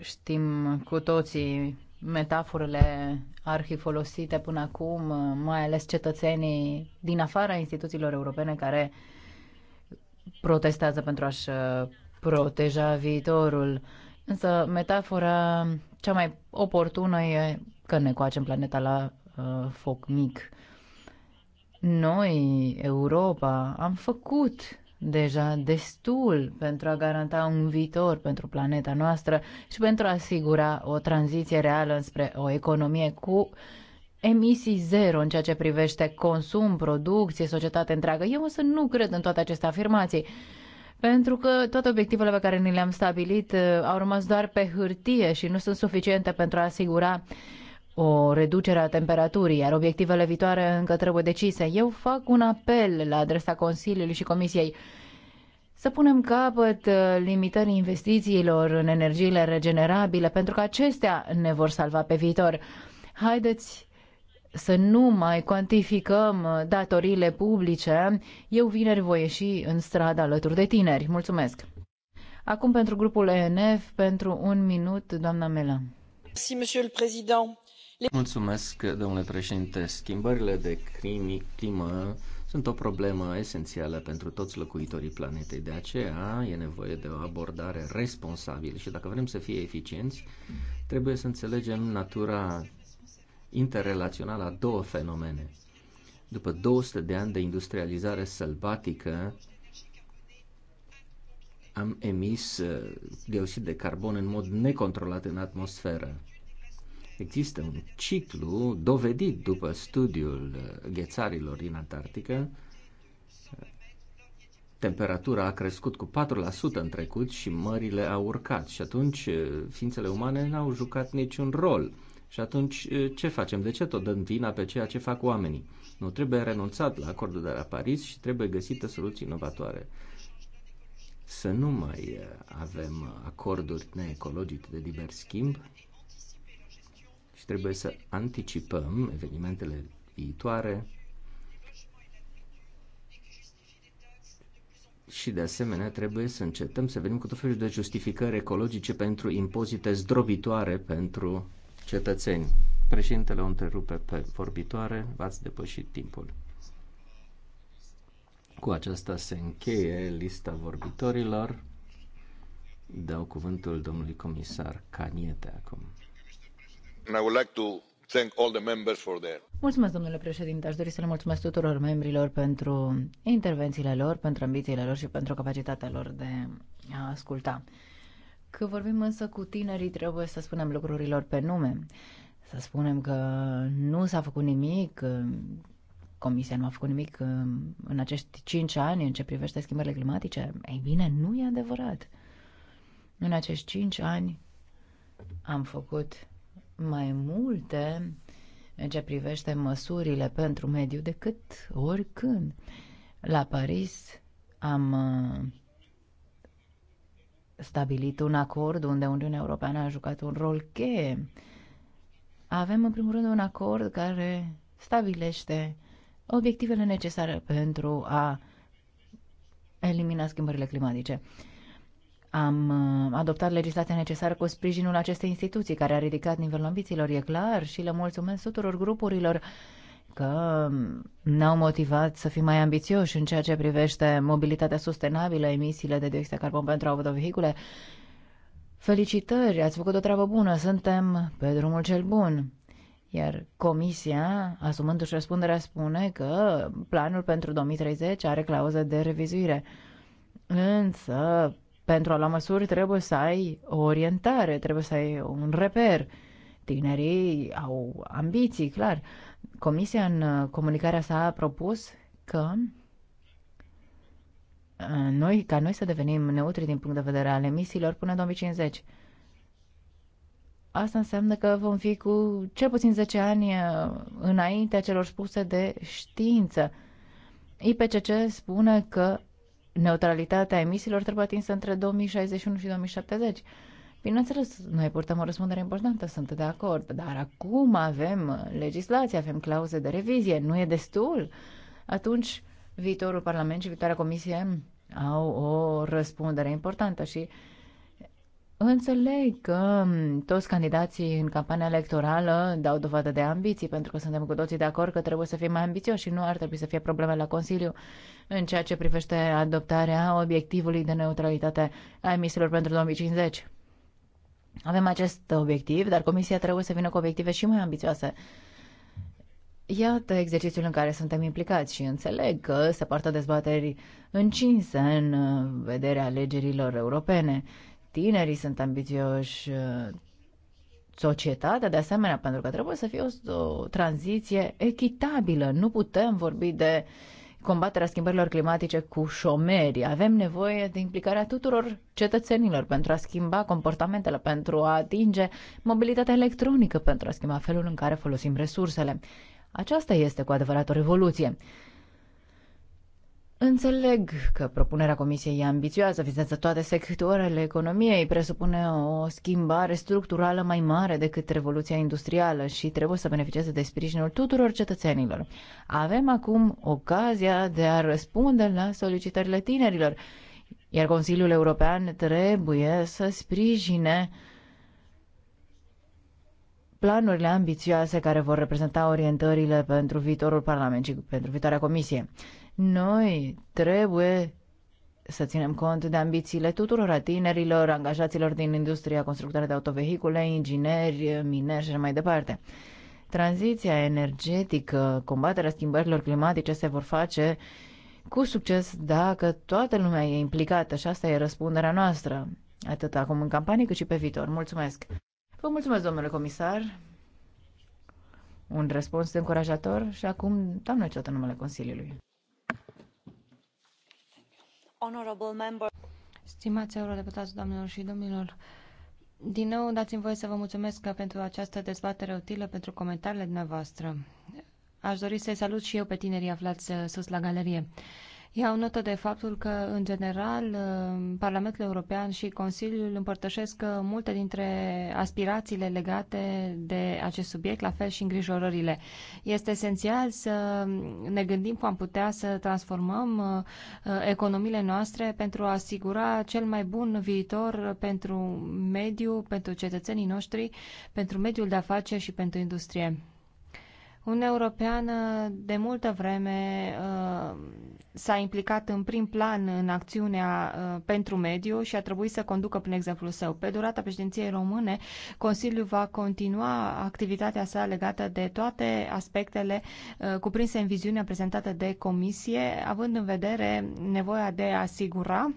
știm cu toții metaforele arhi folosite până acum, mai ales cetățenii din afara instituțiilor europene care protestează pentru a-și uh, proteja viitorul. Însă metafora cea mai oportună e că ne coacem planeta la uh, foc mic. Noi, Europa, am făcut deja destul pentru a garanta un viitor pentru planeta noastră și pentru a asigura o tranziție reală spre o economie cu emisii zero în ceea ce privește consum, producție, societate întreagă. Eu însă nu cred în toate aceste afirmații. Pentru că toate obiectivele pe care ni le-am stabilit uh, au rămas doar pe hârtie și nu sunt suficiente pentru a asigura uh, o reducere a temperaturii, iar obiectivele viitoare încă trebuie decise. Eu fac un apel la adresa Consiliului și Comisiei să punem capăt limitării investițiilor în energiile regenerabile, pentru că acestea ne vor salva pe viitor. Haideți să nu mai cuantificăm datoriile publice. Eu vineri voi ieși în stradă alături de tineri. Mulțumesc! Acum pentru grupul ENF, pentru un minut, doamna Mela. Merci, monsieur le président Mulțumesc, domnule președinte. Schimbările de crimi, climă sunt o problemă esențială pentru toți locuitorii planetei. De aceea e nevoie de o abordare responsabilă și dacă vrem să fie eficienți, trebuie să înțelegem natura interrelațională a două fenomene. După 200 de ani de industrializare sălbatică, am emis uh, dioxid de carbon în mod necontrolat în atmosferă. Există un ciclu dovedit după studiul uh, ghețarilor din Antarctica. Temperatura a crescut cu 4% în trecut și mările au urcat și atunci uh, ființele umane n-au jucat niciun rol. Și atunci uh, ce facem? De ce tot dăm vina pe ceea ce fac oamenii? Nu trebuie renunțat la acordul de la Paris și trebuie găsită soluții inovatoare să nu mai avem acorduri neecologice de liber schimb, și trebuie să anticipăm evenimentele viitoare și de asemenea trebuie să încetăm să venim cu tot felul de justificări ecologice pentru impozite zdrobitoare pentru cetățeni. Președintele o întrerupe pe vorbitoare, v-ați depășit timpul. Cu aceasta se încheie lista vorbitorilor. Dau cuvântul domnului comisar Caniete acum domnule președinte. Aș dori să le mulțumesc tuturor membrilor pentru intervențiile lor, pentru ambițiile lor și pentru capacitatea lor de a asculta. Că vorbim însă cu tinerii, trebuie să spunem lucrurilor pe nume. Să spunem că nu s-a făcut nimic, Comisia nu a făcut nimic în acești cinci ani în ce privește schimbările climatice. Ei bine, nu e adevărat. În acești cinci ani am făcut mai multe în ce privește măsurile pentru mediu decât oricând. La Paris am uh, stabilit un acord unde Uniunea Europeană a jucat un rol cheie. Avem, în primul rând, un acord care stabilește obiectivele necesare pentru a elimina schimbările climatice. Am uh, adoptat legislația necesară cu sprijinul acestei instituții care a ridicat nivelul ambițiilor, e clar, și le mulțumesc tuturor grupurilor că ne-au motivat să fim mai ambițioși în ceea ce privește mobilitatea sustenabilă, emisiile de dioxid de carbon pentru autovehicule. Felicitări, ați făcut o treabă bună, suntem pe drumul cel bun. Iar comisia, asumându-și răspunderea, spune că planul pentru 2030 are clauză de revizuire. Însă, pentru a lua măsuri trebuie să ai o orientare, trebuie să ai un reper. Tinerii au ambiții, clar. Comisia în comunicarea sa a propus că uh, noi, ca noi să devenim neutri din punct de vedere al emisiilor până în 2050. Asta înseamnă că vom fi cu cel puțin 10 ani uh, înaintea celor spuse de știință. IPCC spune că neutralitatea emisiilor trebuie atinsă între 2061 și 2070. Bineînțeles, noi purtăm o răspundere importantă, sunt de acord, dar acum avem legislație, avem clauze de revizie, nu e destul. Atunci, viitorul Parlament și viitoarea Comisie au o răspundere importantă și uh, Înțeleg că mm, toți candidații în campania electorală dau dovadă de ambiții, pentru că suntem cu toții de acord că trebuie să fim mai ambițioși și nu ar trebui să fie probleme la Consiliu în ceea ce privește adoptarea obiectivului de neutralitate a emisiilor pentru 2050. Avem acest obiectiv, dar Comisia trebuie să vină cu obiective și mai ambițioase. Iată exercițiul în care suntem implicați și înțeleg că se poartă dezbateri încinse în uh, vederea alegerilor europene tinerii sunt ambițioși, uh, societatea de asemenea, pentru că trebuie să fie o, o tranziție echitabilă. Nu putem vorbi de combaterea schimbărilor climatice cu șomeri. Avem nevoie de implicarea tuturor cetățenilor pentru a schimba comportamentele, pentru a atinge mobilitatea electronică, pentru a schimba felul în care folosim resursele. Aceasta este cu adevărat o revoluție. Înțeleg că propunerea Comisiei e ambițioasă, vizează toate sectoarele economiei, presupune o schimbare structurală mai mare decât revoluția industrială și trebuie să beneficieze de sprijinul tuturor cetățenilor. Avem acum ocazia de a răspunde la solicitările tinerilor, iar Consiliul European trebuie să sprijine planurile ambițioase care vor reprezenta orientările pentru viitorul Parlament și pentru viitoarea Comisie. Noi trebuie să ținem cont de ambițiile tuturor a tinerilor, angajaților din industria constructoare de autovehicule, ingineri, mineri și mai departe. Tranziția energetică, combaterea schimbărilor climatice se vor face cu succes dacă toată lumea e implicată și asta e răspunderea noastră, atât acum în campanie cât și pe viitor. Mulțumesc! Vă mulțumesc, domnule comisar! Un răspuns încurajator și acum, doamne, ceată numele Consiliului. Stimați eurodeputați, doamnelor și domnilor, din nou dați-mi voie să vă mulțumesc pentru această dezbatere utilă, pentru comentariile dumneavoastră. Aș dori să-i salut și eu pe tinerii aflați uh, sus la galerie. Iau notă de faptul că, în general, uh, Parlamentul European și Consiliul împărtășesc uh, multe dintre aspirațiile legate de acest subiect, la fel și îngrijorările. Este esențial să ne gândim cum am putea să transformăm uh, economiile noastre pentru a asigura cel mai bun viitor pentru mediu, pentru cetățenii noștri, pentru mediul de afaceri și pentru industrie. Uniunea Europeană de multă vreme uh, s-a implicat în prim plan în acțiunea uh, pentru mediu și a trebuit să conducă prin exemplu, său. Pe durata președinției române, Consiliul va continua activitatea sa legată de toate aspectele uh, cuprinse în viziunea prezentată de Comisie, având în vedere nevoia de a asigura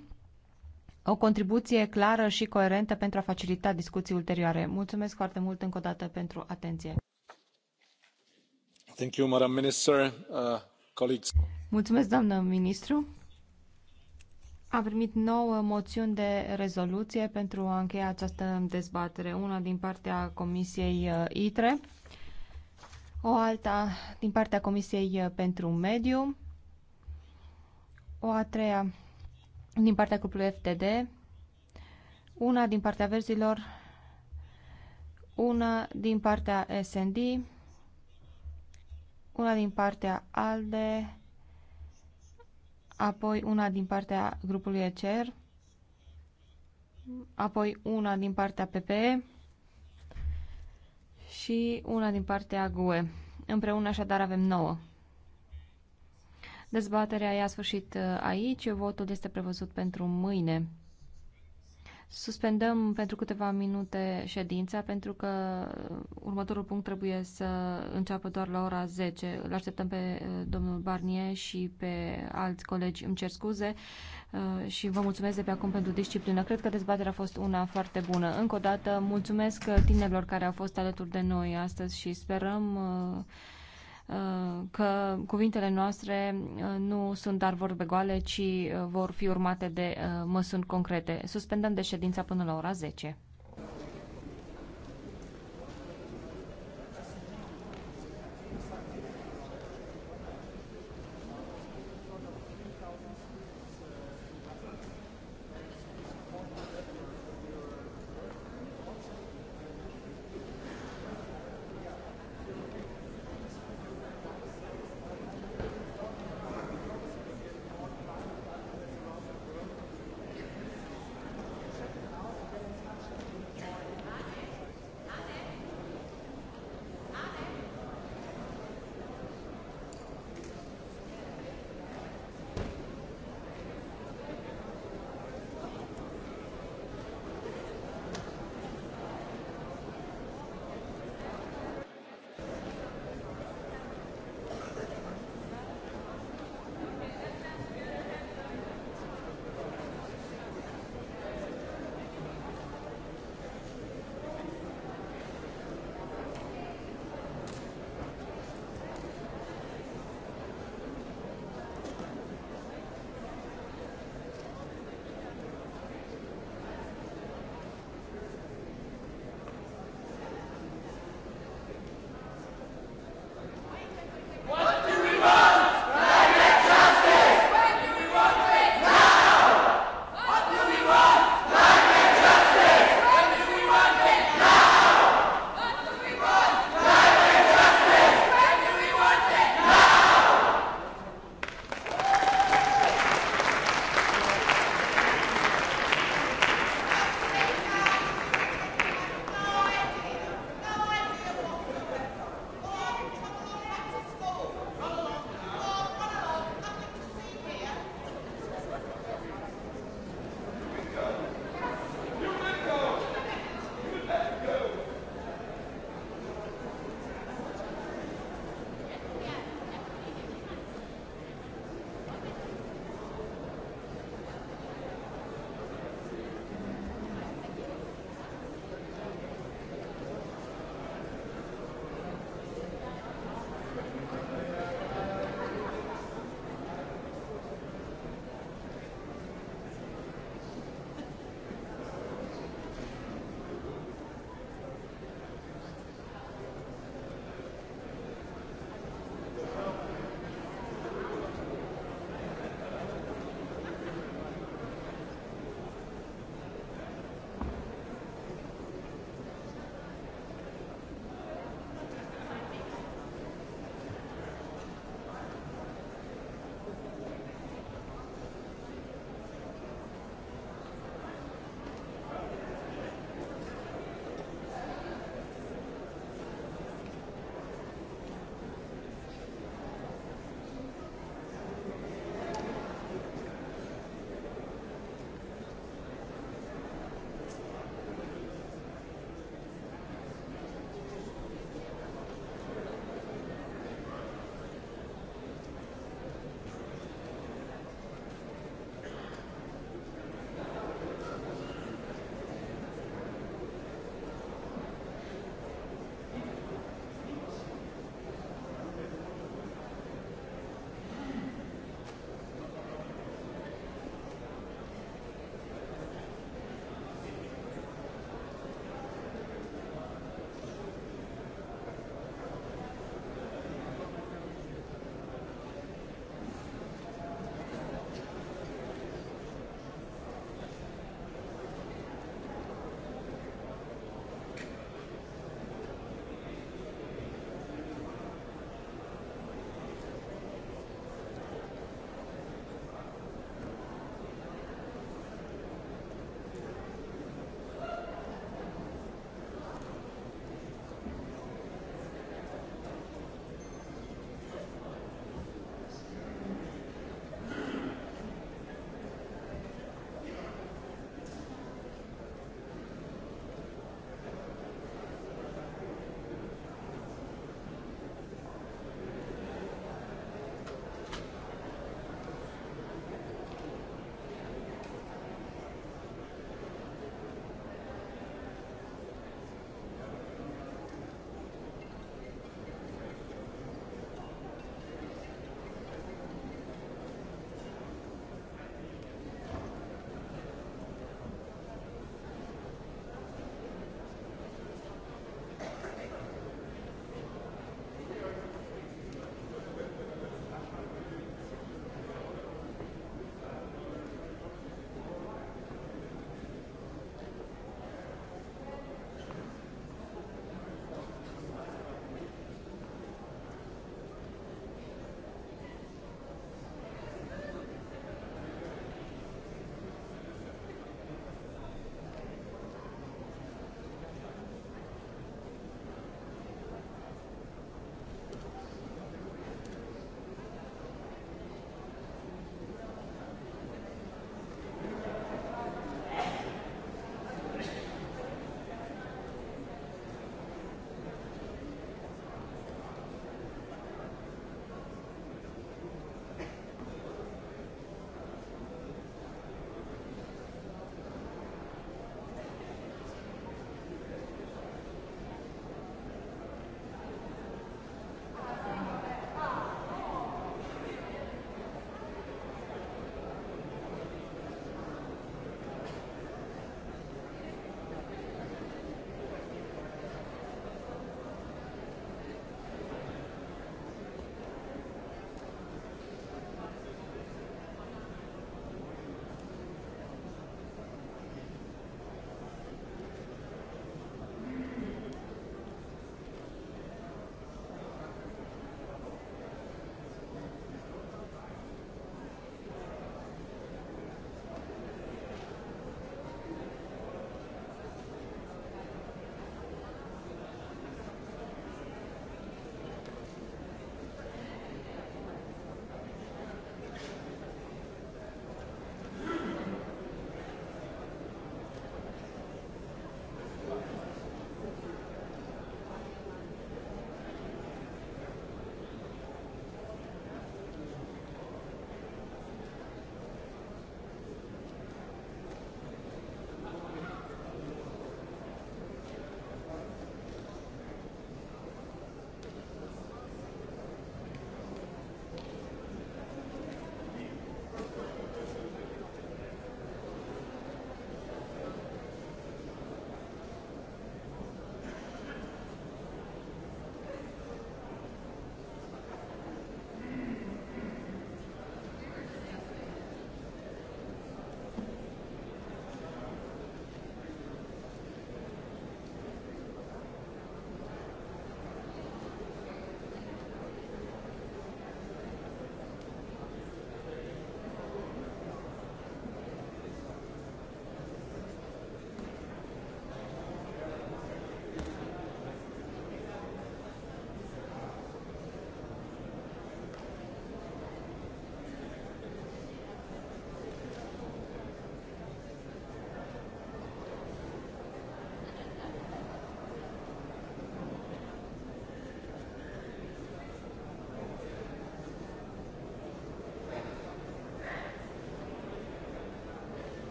o contribuție clară și coerentă pentru a facilita discuții ulterioare. Mulțumesc foarte mult încă o dată pentru atenție. Uh, Mulțumesc, doamnă ministru. Am primit nouă moțiuni de rezoluție pentru a încheia această dezbatere. Una din partea Comisiei uh, ITRE, o alta din partea Comisiei uh, pentru Mediu, o a treia din partea grupului FTD, una din partea verzilor, una din partea SND, una din partea ALDE, apoi una din partea grupului ECR, apoi una din partea PPE și una din partea GUE. Împreună așadar avem 9. Dezbaterea i-a sfârșit uh, aici, votul este prevăzut pentru mâine. Suspendăm pentru câteva minute ședința, pentru că următorul punct trebuie să înceapă doar la ora 10. Îl așteptăm pe uh, domnul Barnier și pe alți colegi. Îmi cer scuze uh, și vă mulțumesc de pe acum pentru disciplină. Cred că dezbaterea a fost una foarte bună. Încă o dată, mulțumesc uh, tinerilor care au fost alături de noi astăzi și sperăm Uh, că cuvintele noastre uh, nu sunt dar vorbe goale, ci uh, vor fi urmate de măsuri concrete. Suspendăm de ședința până la ora 10.